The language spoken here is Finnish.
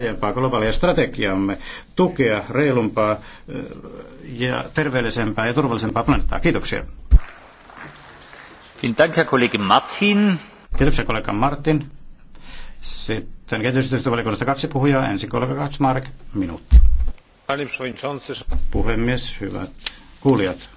laajempaa globaalia strategiamme tukea reilumpaa ja terveellisempää ja turvallisempaa planeettaa. Kiitoksia. Dank, Herr Martin. Kiitoksia kollega Martin. Sitten kehitysyhteistyövaliokunnasta kaksi puhujaa. Ensin kollega Katsmark, minuutti. Puhemies, hyvät kuulijat.